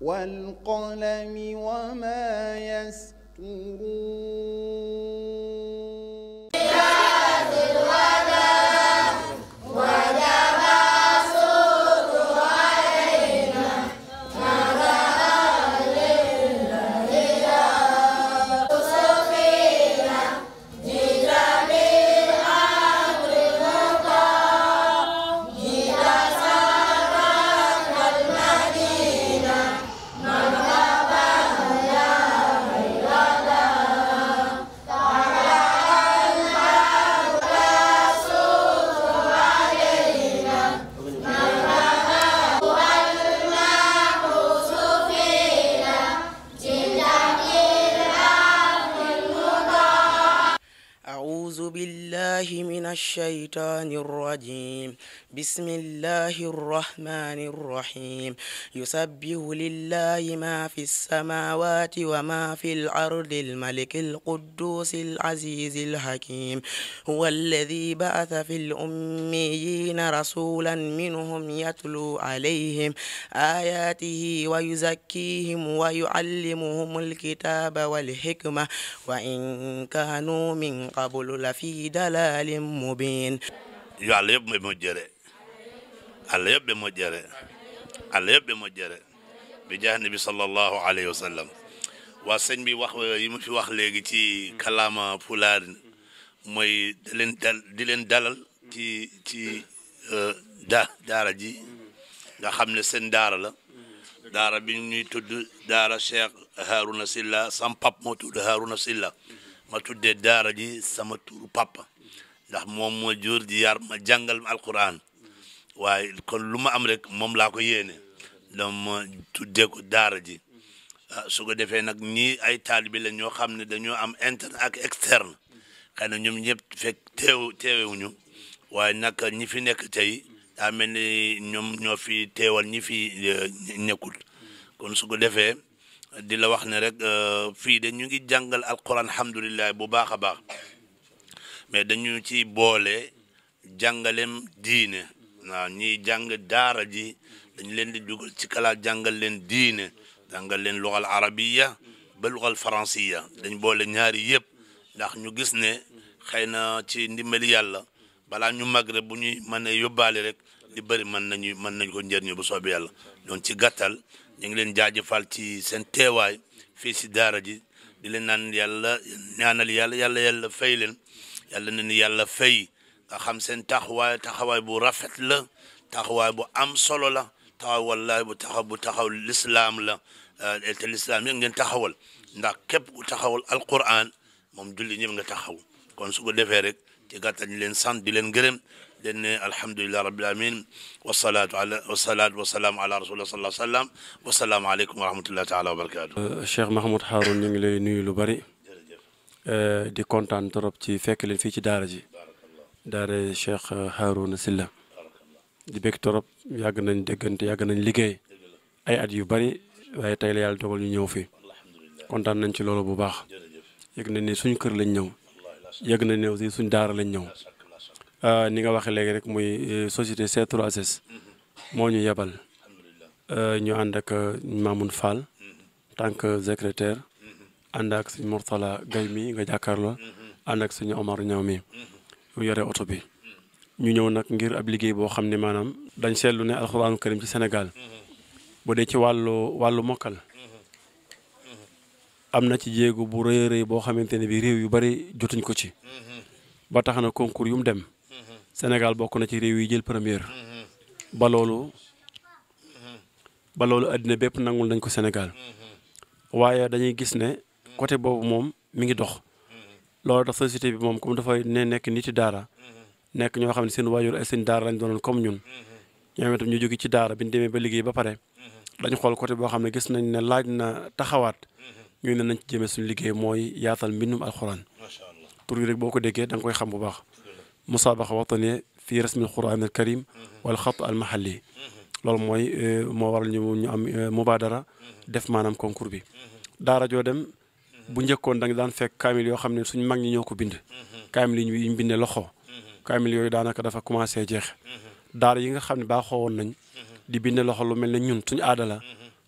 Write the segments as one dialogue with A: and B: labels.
A: والقلم وما يسطرون
B: الشيطان الرجيم بسم الله الرحمن الرحيم يسبح لله ما في السماوات وما في الأرض الملك القدوس العزيز الحكيم هو الذي بعث في الأميين رسولا منهم يتلو عليهم آياته ويزكيهم ويعلمهم الكتاب والحكمة وإن كانوا من قبل لفي ضلال مبين yàlla yëpp bi ma jëre àlla yëpp bi ma jëre àlla yëpp bi ma jëre bi jaani bi sallallahu alayhi wa sallam waa sëñ bi wax yi mu fi wax léegi ci kalaama pulaar mooy di leen dal di leen dalal ci ci euh, da daara ji nga xam ne seen daara la daara bi ñuy tudd daara Cheikh Harouna Silla sam pap moo tudd Harouna Silla ma tuddee daara ji sama turu papa ndax moom moo jur di yar ma jàngal ma alquran waaye kon lu ma am rek moom laa ko yéene donc ma tuddee daara ji ah, su ko defee nag ñii ay taalibe la ñoo xam ne dañoo am interne ak externe xëy na ñoom ñëpp fekk teew teewewuñu waaye nag ñi fi nekk tey daa mel ni ñoom ñoo fi teewal ñi fi eh, nekkul kon su ko defee di la wax ne rek eh, fii de ñu ngi jàngal alquran hamdulillah bu baax a baax mais dañu ci boole jàngalem diine waaw ñiy jàng daara ji dañu leen di dugal ci kala jàngal leen diine jàngal leen luxal arabiya ba luxal faransiya dañ boole ñaari yëpp ndax ñu gis ne xëy na ci ndimbali yàlla balaa ñu mag bu ñuy mën a yóbbaale rek li bëri mën nañu mën nañ ko njëriñu bu soobe yàlla donc ci gàttal ñu ngi leen jaajëfal ci seen teewaay fii si daara ji di leen naan yàlla ñaanal yàlla yàlla yàlla fay leen yàlla na ni yàlla fay nga xam seen taxawaay taxawaay bu rafet la taxawaay bu am solo la taxaw wallaay bu taxaw bu taxaw lislaam la eh, te lislaam yëpp ngeen taxawal ndax képp ku taxawal alquran moom julli ñëpp nga taxaw kon su ko defee rek ci gàttal ñu leen sant di leen gërëm leen ne alhamdulilah rabbil alamin wasalaatu ala wasalaatu wasalaam ala rasulillah sallallahu alayhi wa sallam wasalaamu aleykum wa rahmatullahi taala wa barakatu
A: Cheikh Mahmoud Haroun ñu ngi lay nuyu lu bari Euh, di kontaan trop ci fekk leen fii ci daara ji daara Cheikh Harouna Sylla di bëgg trop yàgg nañ déggante yàgg nañ liggéey ay at yu bari waaye tey la yàlla dogal ñu ñëw fii kontaan nañ ci loolu bu baax yëg nañ ne suñ kër lañ ñëw yëg nañ ne aussi suñ daara lañ ñëw euh, ni nga waxee léegi rek muy euh, société C3S moo ñu yebal ñu ànd ak Mamoun Fall tant que secrétaire ànd ak sëñ Mourtala Gaye mi nga jàkkaarloo mm-hmm. ànd ak suñu Omar Ñaw mi mm-hmm. mu yore oto bi mm-hmm. ñu ñëw nag ngir ab liggéey boo xam ne maanaam dañ seetlu ne alxuraanu karim ci Sénégal bu dee ci wàllu wàllu mokkal am na ci jéego bu rëy rëy boo xamante ne bi réew yu bari jotuñ ko ci ba tax na concours yu mu dem Sénégal bokk na ci réew yi jël première ba loolu ba loolu àddina bépp nangul nañ ko Sénégal waaye dañuy gis ne côté boobu moom mu ngi dox loolu tax société bi moom comme dafay ne nekk nit ci daara nekk ñoo xam ne seen waajur ay seen daara lañ doonoon comme ñun ñoom ñu jóge ci daara bi ñu demee ba liggéey ba pare xool côté boo xam ne gis nañ ne laaj na taxawaat ñu ne nañ ci jëmee suñu liggéey mooy yaatal mbindum alxuraan tur yi rek boo ko déggee danga koy xam bu baax musaabaqa ne fii rasmil quraan al karim wal xat al mahalli loolu mooy euh, moo waral ñu ñu am euh, mubaadara def maanaam concours bi daara joo dem bu njëkkoon da daan fekk kaamil yoo xam ne suñ mag ñi ñoo ko bind kaamil yi ñu bindee loxo kaamil yooyu daanaka dafa commencé jeex daar yi nga xam ne baaxoo woon nañ di bind loxo lu mel ne ñun suñu aada la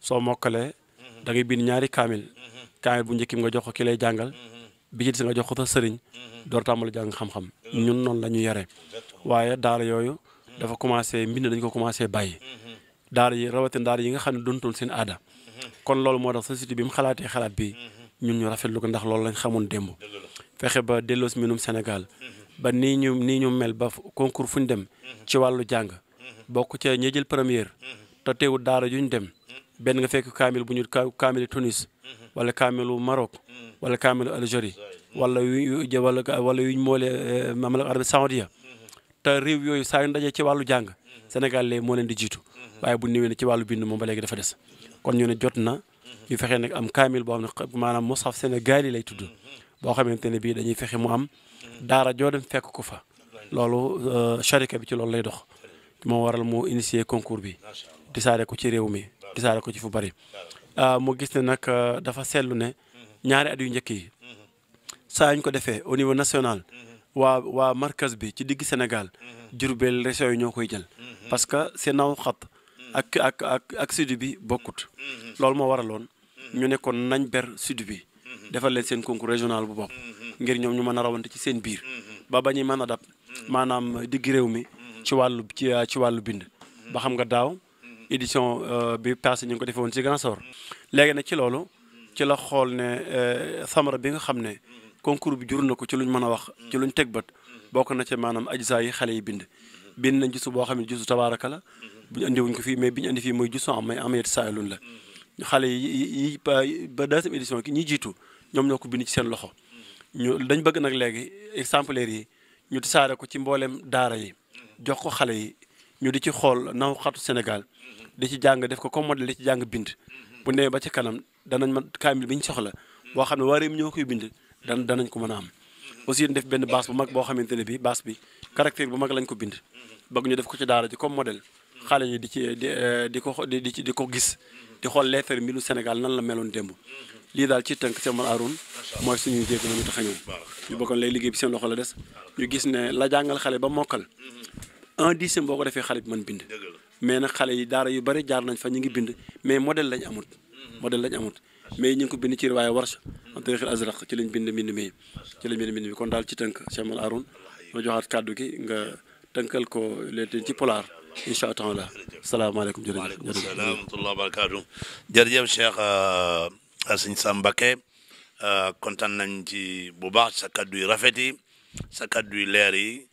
A: soo mokkalee da ngay bind ñaari kaamil kaamil bu njëkkim nga jox ko ki lay jàngal bi ci des nga jox ko sa sëriñ door tàmbali jàng xam-xam ñun noonu la ñu waaye daara yooyu dafa commencé mbind dañ ko commencé bàyyi daar yi rawatin daar yi nga xam ne duntoon seen aada loolu moo tax bi mu xalaatee xalaat bi ñun ñu rafetlu ko ndax loolu lañ xamoon démb fexe ba delloos minum senegal ba nii ñu nii ñu mel ba concours fu ñu dem ci wàllu jàng bokk ca ñi jël première te teewul daara ju ñu dem benn nga fekk kaamil bu ñu kaamilu Tunis wala kaamilu Maroc wala kaamilu Algérie wala yu wala wala yuñ moolee eh, Mamlaka Arabi Saoudia te réew yooyu saa yu ci wàllu jàng Sénégal lee moo leen di jiitu waaye bu néewee ne ci wàllu bind moom ba léegi dafa des kon ñu ne jot na ñu fexe nag am kaamil boo xam ne maanaam mushaf sénégal yi lay tudd boo xamante ne bii dañuy fexe mu am daara joo dem fekk ko fa loolu euh, sharika bi ci loolu lay dox moo waral mu initier concours bi tisaare ko ci réew mi tisaare ko ci fu bari euh, mu gis ne nag euh, dafa seetlu ne ñaari at yu njëkk yi saa ñu ko defee au niveau national waa waa markaz bi ci digg Sénégal Jurbel région ñoo koy jël parce que seen aw xat ak ak ak ak bi bokkut. loolu moo waraloon ñu nekkoon nañ ber sud bi. defal leen seen concours régional bu bopp. ngir ñoom ñu mën a rawante ci seen biir. ba bañuy mën a dab maanaam digg réew mi ci wàllu ci ci wàllu bind. ba xam nga daaw édition euh, bi passé ñu ko defee woon ci Ziguinchor. léegi nag ci loolu ci la xool ne euh, samara bi nga xam ne concours bi jur na ko ci lu ñu mën a wax ci luñ teg bët bokk na ci maanaam ajsaa yi xale yi bind. bind nañ gisu boo xam ne gisu tabaaraka buñu andi wuñ mais bi ñu andi fii mooy jusson am may ameeti saayalun la mm-hmm. xale yi yi ba deuxième édition ki ñi jiitu ñoom ñoo ko bind ci seen loxo mm-hmm. ñu dañ bëgg nag léegi exemplaire yi ñu tasaare ko ci mbooleem daara yi mm-hmm. jox ko xale yi ñu di ci xool naw xatu di ci jàng def ko comme modèle di ci jàng bind bu nee ba ci kanam danañ man kaamil bi ñu soxla boo xam ne waa réew mi ñoo koy bind dan danañ ko mën a am aussi def benn baas bu mag boo xamante ne bi baas bi caractère bu mag lañ ko bind bëgg ñu def ko ci daara ji comme modèle xale yi di ci di eh, di ko di ci di ko gis di xool lettre mbiru Sénégal nan la meloon démb lii daal ci tënk Cheikh Omar mooy suñu jéeg la ñu tax ñu liggéey bi seen loxo la des ñu gis ne la jàngal xale ba mokkal un dixième boo ko defee xale bi mën bind mais na xale yi daara yu bari jaar nañ fa ñu ngi bind mais modèle lañ amut modèle lañ amut mais ñu ngi ko bind ci riwaaya Warsh an tariqil Azraq ci lañ bind mbind mi ci lañ bind mbind mi kon daal ci tënk Cheikh Omar Aroun ma joxaat kàddu gi nga tënkal ko leen ci polaar incha allah salaamaaleykum jërëjëf jërëjëf waaleykum salaam wa
B: rahmatulah barakaatu. jërëjëf Cheikh euh, Sëñ Sam Mbacké euh, kontaan nañ ci bu baax sa kaddu yu rafet yi sa kaddu yu leer yi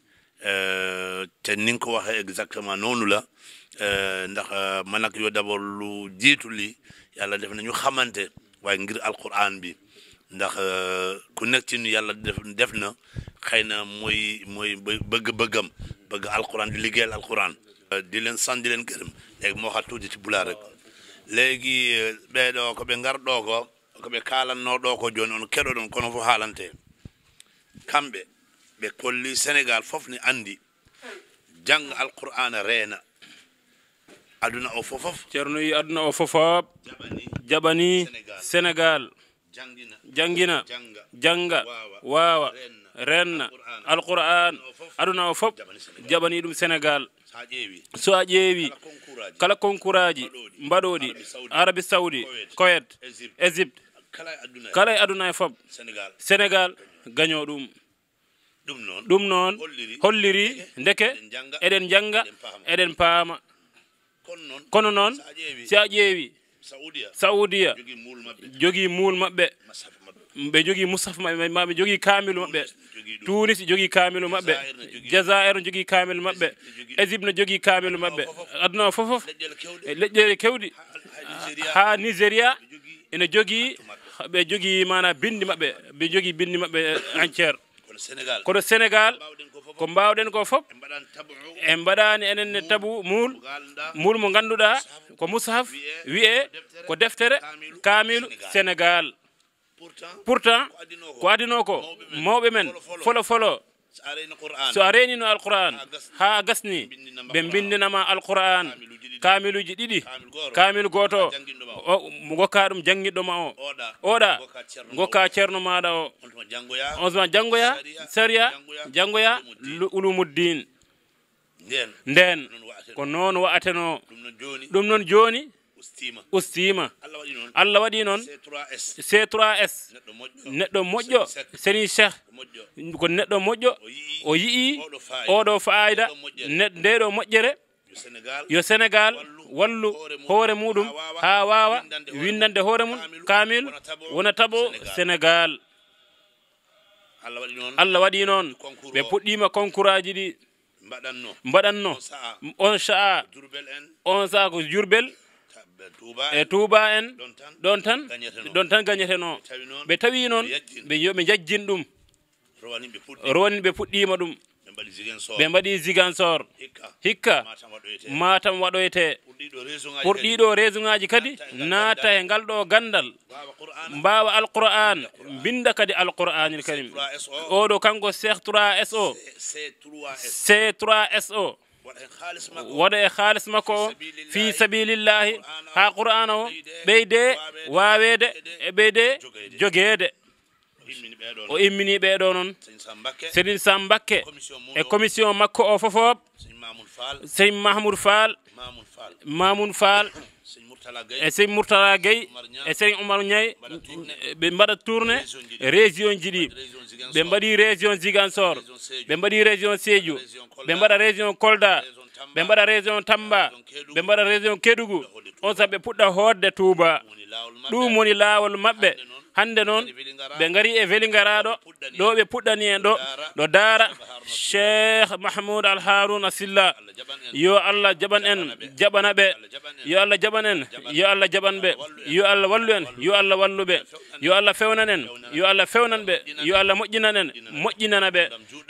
B: euh, te ni nga ko waxee exactement noonu la ndax man ak yow d'abord lu jiitu lii yàlla def nañu xamante waaye ngir alquran bi ndax ku nekk ci nu yàlla def def na xëy na mooy mooy bëgg-bëggam bëgg alquran di liggéeyal alquran. di len sant di len gërëm léegi mo xat tuuti ci bula eh, ko ɓe ngarɗo ko ko ɓe kalannoɗo ko joni on keɗo ɗon kono fof haalante kamɓe ɓe kolli sénégal fof ne andi janga alqur'ana reena aduna o fofof ceerno yi aduna o fofof jaɓani jaɓani
C: jangina janga wawa renna alquran aduna o fof jaɓani ɗum sénégal so a ƴeewi kala concours aji arabi saudi koyet égypte
B: kala e aduna e fof
C: sénégal gaño ɗum noon holliri ndeke eɗen janga eɗen paama kono noon si a ƴeewi saudia jogii muul maɓɓe ɓe jogii musaf maɓɓe maɓe jogii kamilu maɓɓe tunis jogii kamilu maɓɓe jazair no jogii kamilu maɓɓe égypte no jogii kamilu maɓɓe aduna o fof fof leƴƴere kewɗi haa nigéria ene jogii ɓe jogii mana bindi maɓɓe ɓe jogii bindi maɓɓe entiére kono sénégal ko mbawɗen ko fof en e mbaɗani enen ne tabu muul muul mo ganduɗa ko mushaf wiye ko deftere kamilu sénégal pourtant ko adino ko mawɓe men folo folo so a renino alquran ha gasni ɓe bindinama alquran kamiluji ɗiɗi kamilu goto o gokka ɗum jangguiɗo ma o oɗa gokka ceerno maɗa o on suma janggoya saria janggoya ulumuddin nden ko noon wa'ateno ɗum noon joni ustima allah waɗi noon c 3 neɗɗo moƴƴo seni ko neɗɗo moƴƴo o yii oɗo faayida ndeɗo moƴƴere yo sénégal wallu hoore muɗum ha wawa windande hoore mum kamil wona tabo sénégal allah waɗi noon ɓe puɗɗima concours ɗi mbaɗanno on sa'a on sa'a ko jurbel e tuuba en ɗon tan ɗon tan ɓe tawi noon ɓe jajjin ɗum rowaninɓe puɗɗima ɗum ɓe mbaɗi zigansor hikka matam waɗoyte ɓurɗiɗo raison kadi naata e ngal e gandal mbawa alqur'an binda kadi alqur'anil karim oɗo kanko cheikh 3 so c 3 so waɗa e haalis makko e o fi sabilillahi ha qur'ana o ɓeyde wawede e ɓeyde joguede o immini ɓeɗo noon sedin sambakke e commission makko o fofob seyñ mahmoud fall mamoun fall e seyñ mourtala gueye e seyñ oumar ñaye ɓe mbaɗa tourné région ji ɓe mbaɗi région zigansor ɓe mbaɗi région sédiou ɓe mbaɗa région kolda ɓe mbaɗa région tamba ɓe mbaɗa région kedugu on saabi ɓe puɗɗa hoodde touba ɗum woni laawol maɓɓe hannde noon ɓe ngari e welingaraɗo ɗo ɓe puɗɗani en ɗo ɗo daara cheikh mahmoud alharuna silla yo allah jaɓan en jaɓana ɓe yo allah jaɓan ɓe yo allah wallu en yo allah wallu ɓe yo allah fewnan en yo allah fewnan ɓe yo allah moƴƴinan en moƴƴinana ɓe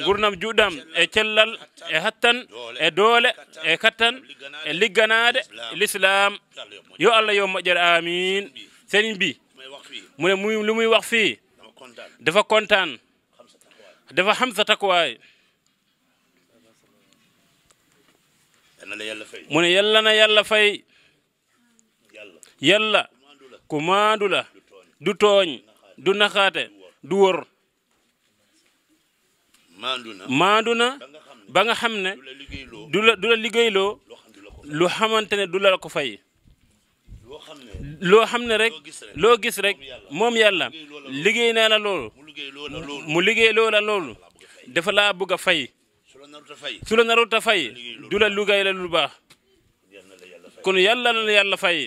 C: gurdam juɗɗam e cellal e hattan e doole e kattan e ligganade l'islam yo allah yo moƴƴere amin senin mu ne muy lu muy wax fii dafa kontaan dafa xam sa takkuwaay mu ne yàlla na yàlla fay yàlla ku maandu la du tooñ du naxaate du wor maandu na ba nga xam ne du la du la liggéeyloo lu xamante ne du la ko fay loo xam ne rek loo gis rek moom yàlla liggéey naa la loolu mu liggéey loola loolu dafa laa bëgg a fay su la narut a fay du la liggéey la lu baax kon la na yàlla fay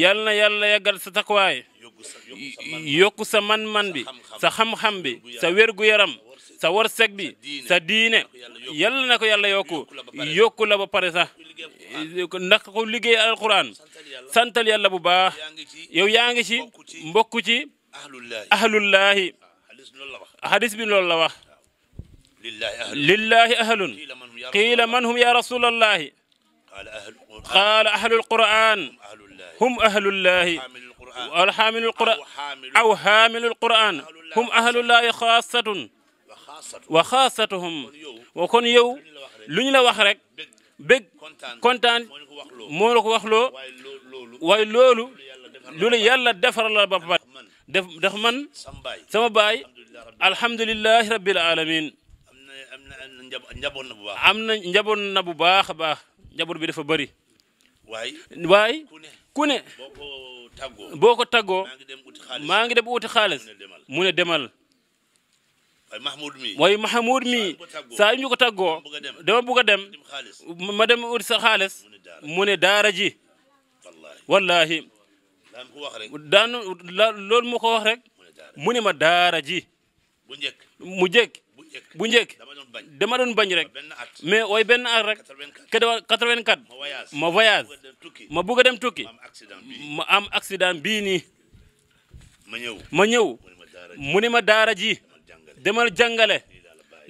C: yàlla na yàlla yàggal sa taxawaay yokku sa man-man bi sa xam-xam bi sa wér yaram sa wërsëg bi sa diine yàlla na ko yàlla yokku yokku la ba pare sax ndax ko liggéey alquran santal yàlla bu baax yow yaa ngi ci mbokku ci ahlullahi ah, hadis bi loolu la wax
B: lillahi ahlun
C: qiila man hum ya rasulallahi qaala ahlul quran hum ahlullahi alxaamilul quran aw xaamilul quran hum ahlullahi xaasatun wa xaasatuhum wa kon yow lu ñu la wax rek bég kontaan moo la ko wax loo waaye loolu loolu yàlla defar la ba pare def ndax man sama baay alhamdulilahi rabbil alamin am na njaboot na bu baax a baax njaboot bi dafa bëri waaye ku ne boo ko taggoo maa ngi demal
B: mooy Mahmoud mii saa yu ñu ko
C: tàggoo dama bugg a dem ma dem ut sa xaalis ne daara ji wallahi daan loolu mu ko wax rek mu ne ma daara ji mu njëkk bu njëkk dama doon bañ rek mais ooy benn at rek quatre-vingt-quatre ma voyage ma bugg dem tukki ma am accident bii nii ma ñëw mu ma daara ji demal jàngale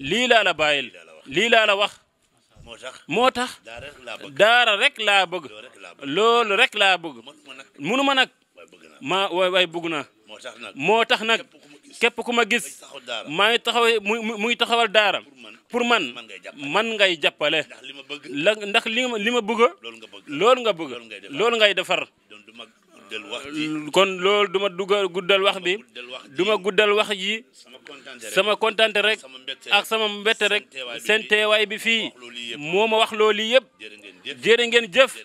C: lii laa la bàyyil lii laa la wax moo tax daara rek laa bëgg lool rek laa bëgg munu ma nag ma waay waay bëgg na moo tax nag képp ku ma gis maa ngi taxaw muy taxawal daara pour man man ngay jàppale la ndax li ma li ma bëgg loolu nga bëgg loolu ngay defar kon loolu duma dugal guddal wax bi duma guddal wax ji sama kontante rek ak sama mbette rek seen teewaay bi fii moo ma wax loolu yëpp jërë ngeen jëf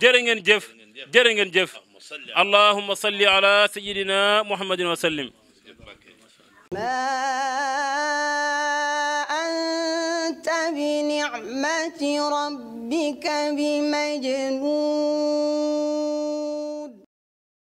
C: jërë ngeen jëf jërë ngeen jëf allahumma salli ala sayyidina muhammadin wa sallim
A: بنعمة ربك
C: بمجنون